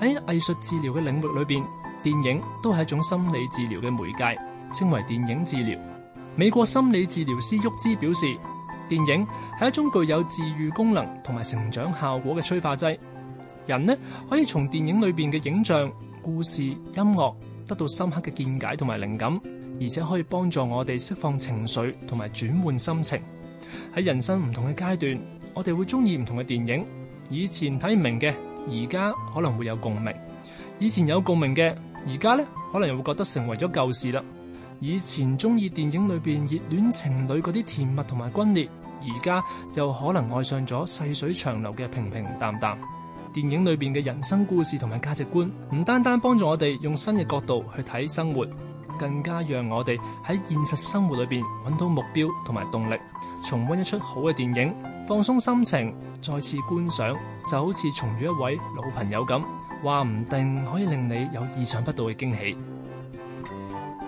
喺藝術治療嘅領域裏邊，電影都係一種心理治療嘅媒介，稱為電影治療。美國心理治療師沃茲表示，電影係一種具有治癒功能同埋成長效果嘅催化劑。人呢，可以從電影裏邊嘅影像、故事、音樂得到深刻嘅見解同埋靈感，而且可以幫助我哋釋放情緒同埋轉換心情。喺人生唔同嘅階段，我哋會鍾意唔同嘅電影。以前睇唔明嘅。而家可能會有共鳴，以前有共鳴嘅，而家呢可能又會覺得成為咗舊事啦。以前鍾意電影裏邊熱戀情侶嗰啲甜蜜同埋轟烈，而家又可能愛上咗細水長流嘅平平淡淡。電影裏邊嘅人生故事同埋價值觀，唔單單幫助我哋用新嘅角度去睇生活。更加讓我哋喺現實生活裏邊揾到目標同埋動力，重温一齣好嘅電影，放鬆心情，再次觀賞，就好似重遇一位老朋友咁，話唔定可以令你有意想不到嘅驚喜。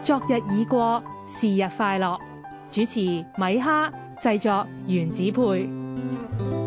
昨日已過，是日快樂。主持米哈，製作原子配。